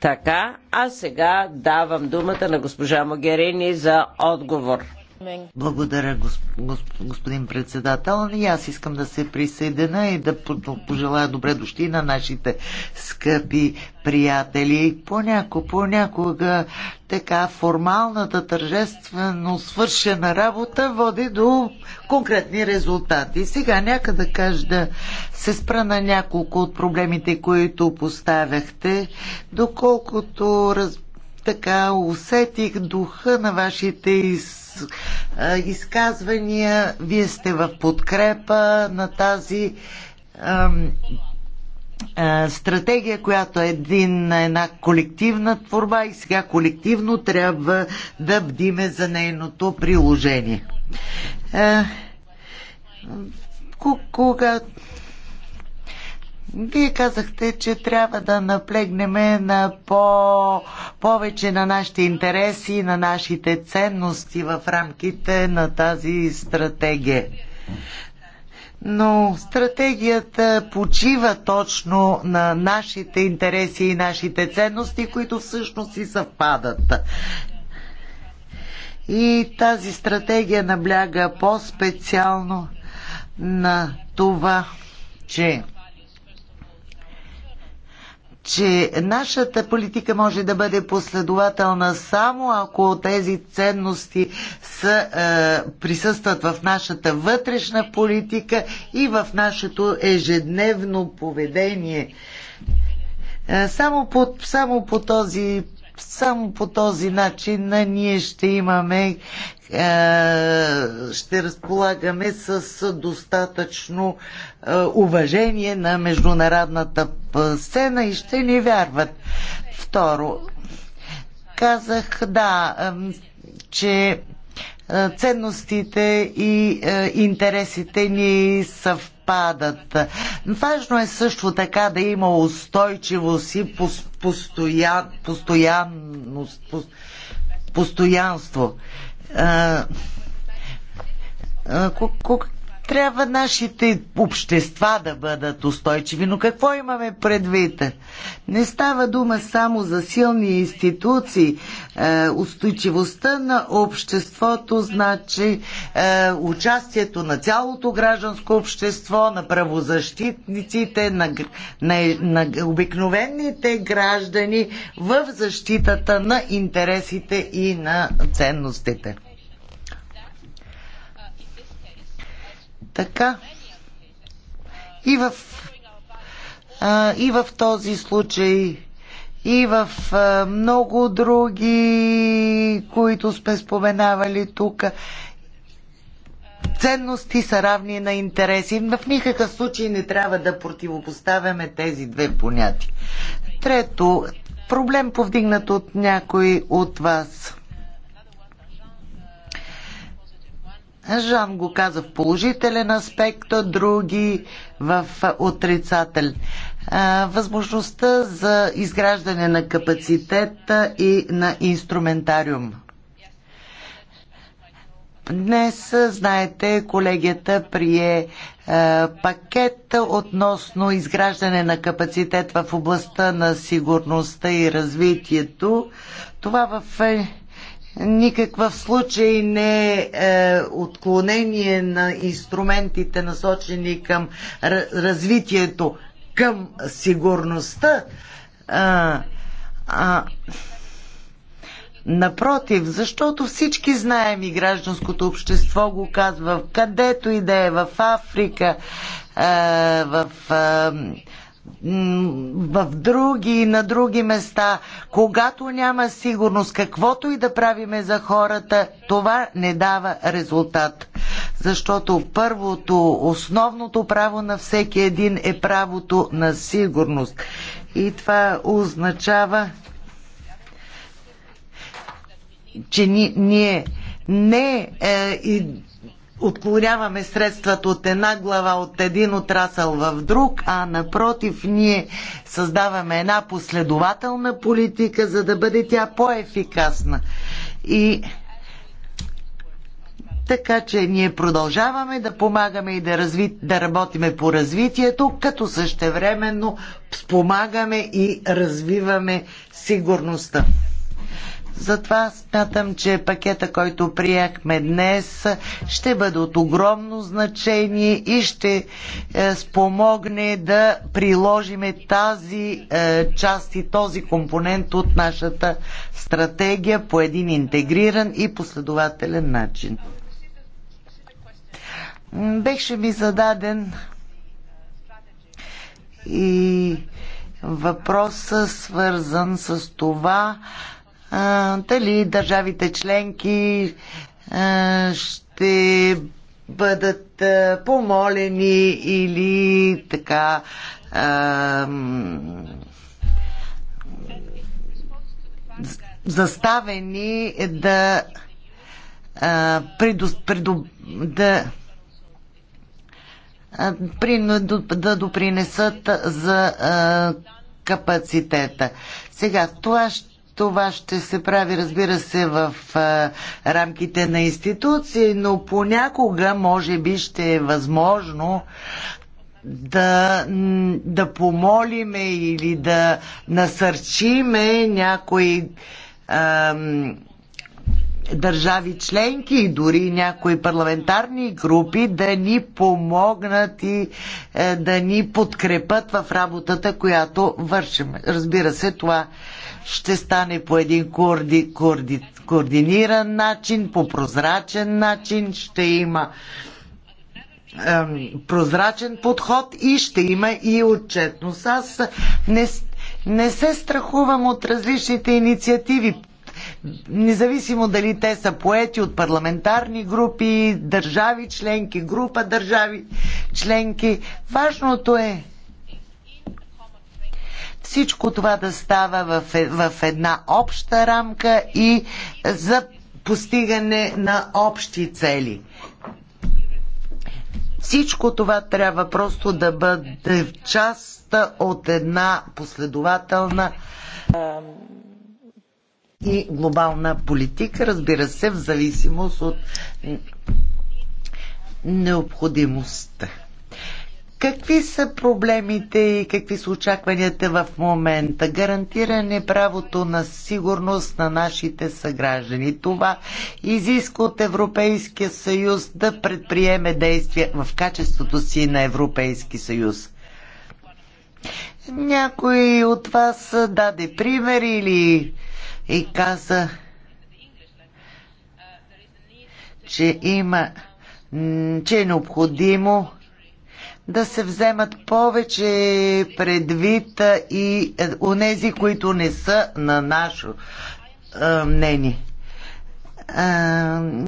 Така, а сега давам думата на госпожа Могерини за отговор. Благодаря, господин председател. И аз искам да се присъединя и да пожелая добре дошли на нашите скъпи приятели. Поняко, понякога така формалната тържествено свършена работа води до конкретни резултати. Сега нека да кажа да се спра на няколко от проблемите, които поставяхте, доколкото разбирам така усетих духа на вашите из, изказвания. Вие сте в подкрепа на тази ам, а, стратегия, която е един, на една колективна творба и сега колективно трябва да бдиме за нейното приложение. А, кога вие казахте, че трябва да наплегнем на по, повече на нашите интереси, на нашите ценности в рамките на тази стратегия. Но стратегията почива точно на нашите интереси и нашите ценности, които всъщност и съвпадат. И тази стратегия набляга по-специално на това, че че нашата политика може да бъде последователна само ако тези ценности са, е, присъстват в нашата вътрешна политика и в нашето ежедневно поведение. Е, само по, само по този само по този начин ние ще имаме, е, ще разполагаме с достатъчно е, уважение на международната е, сцена и ще ни вярват. Второ, казах да, че ценностите и интересите ни съвпадат. Важно е също така да има устойчивост и постоян, постоянност, постоянство. А, а, трябва нашите общества да бъдат устойчиви, но какво имаме предвид? Не става дума само за силни институции. Е, устойчивостта на обществото значи е, участието на цялото гражданско общество, на правозащитниците, на, на, на обикновените граждани в защитата на интересите и на ценностите. така и в, а, и в този случай и в а, много други, които сме споменавали тук, ценности са равни на интереси. В никакъв случай не трябва да противопоставяме тези две понятия. Трето, проблем повдигнат от някой от вас. Жан го каза в положителен аспект, а други в отрицателен. Възможността за изграждане на капацитета и на инструментариум. Днес, знаете, колегията прие пакет относно изграждане на капацитет в областта на сигурността и развитието. Това в е, никакъв случай не е, е отклонение на инструментите, насочени към развитието, към сигурността. А, а, Напротив, защото всички знаем и гражданското общество го казва, където и да е, в Африка, е, в е, в други и на други места, когато няма сигурност, каквото и да правиме за хората, това не дава резултат. Защото първото, основното право на всеки един е правото на сигурност. И това означава, че ни, ние не е, и отклоняваме средствата от една глава, от един отрасъл в друг, а напротив, ние създаваме една последователна политика, за да бъде тя по-ефикасна. И така че ние продължаваме да помагаме и да, разви... да работиме по развитието, като същевременно спомагаме и развиваме сигурността. Затова смятам, че пакета, който приехме днес, ще бъде от огромно значение и ще е, спомогне да приложиме тази е, част и този компонент от нашата стратегия по един интегриран и последователен начин. Беше ми зададен и въпроса свързан с това дали държавите членки ще бъдат помолени или така заставени да да да допринесат за капацитета. Сега, това ще това ще се прави, разбира се, в а, рамките на институции, но понякога, може би, ще е възможно да, да помолиме или да насърчиме някои ам, държави членки и дори някои парламентарни групи да ни помогнат и а, е, да ни подкрепат в работата, която вършим. Разбира се, това ще стане по един коорди, коорди, координиран начин, по прозрачен начин, ще има ем, прозрачен подход и ще има и отчетност. Аз не, не се страхувам от различните инициативи, независимо дали те са поети от парламентарни групи, държави членки, група държави членки. Важното е всичко това да става в, е, в една обща рамка и за постигане на общи цели. Всичко това трябва просто да бъде част от една последователна и глобална политика, разбира се, в зависимост от необходимостта. Какви са проблемите и какви са очакванията в момента? Гарантиране правото на сигурност на нашите съграждани. Това изисква от Европейския съюз да предприеме действия в качеството си на Европейски съюз. Някой от вас даде пример или и каза, че има, че е необходимо да се вземат повече предвид и е, онези, които не са на нашо а, мнение. А,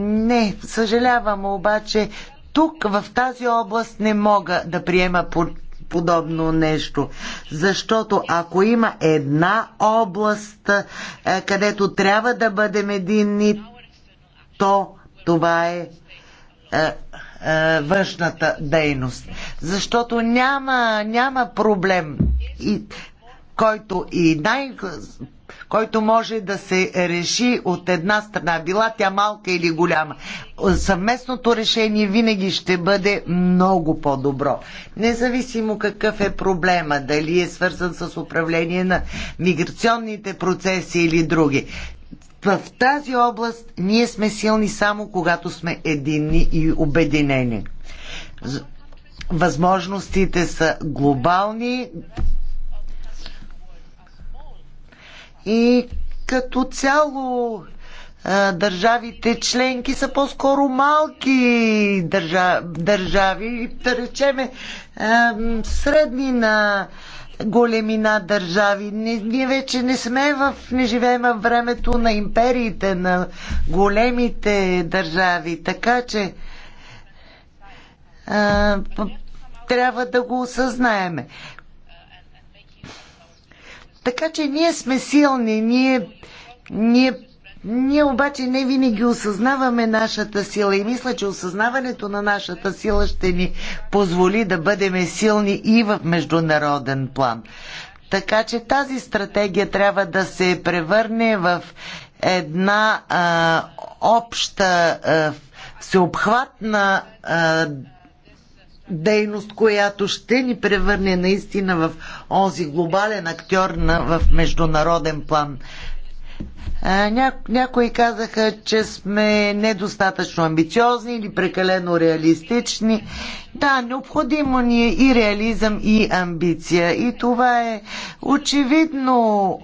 не, съжалявам, обаче тук в тази област не мога да приема по подобно нещо. Защото ако има една област, където трябва да бъдем единни, то това е е, външната дейност. Защото няма, няма проблем, и, който и най който може да се реши от една страна, била тя малка или голяма. Съвместното решение винаги ще бъде много по-добро. Независимо какъв е проблема, дали е свързан с управление на миграционните процеси или други. В тази област ние сме силни само когато сме единни и обединени. Възможностите са глобални и като цяло държавите членки са по-скоро малки държави, да речеме средни на големина държави. Ние вече не сме в, не живеем в времето на империите, на големите държави. Така че а, трябва да го осъзнаеме. Така че ние сме силни, ние, ние ние обаче не винаги осъзнаваме нашата сила и мисля, че осъзнаването на нашата сила ще ни позволи да бъдем силни и в международен план. Така че тази стратегия трябва да се превърне в една а, обща, а, всеобхватна а, дейност, която ще ни превърне наистина в онзи глобален актьор на, в международен план някои казаха, че сме недостатъчно амбициозни или прекалено реалистични. Да, необходимо ни е и реализъм, и амбиция. И това е очевидно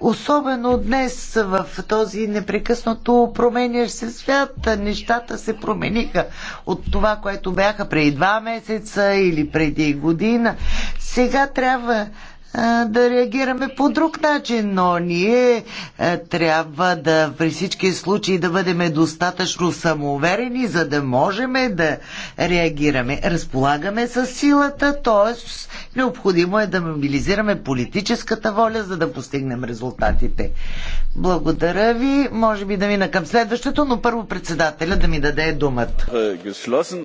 Особено днес в този непрекъснато променящ се свят, нещата се промениха от това, което бяха преди два месеца или преди година. Сега трябва да реагираме по друг начин, но ние трябва да при всички случаи да бъдем достатъчно самоуверени, за да можем да реагираме. Разполагаме с силата, т.е. необходимо е да мобилизираме политическата воля, за да постигнем резултатите. Благодаря ви. Може би да мина към следващото, но първо председателя да ми даде думата. Е,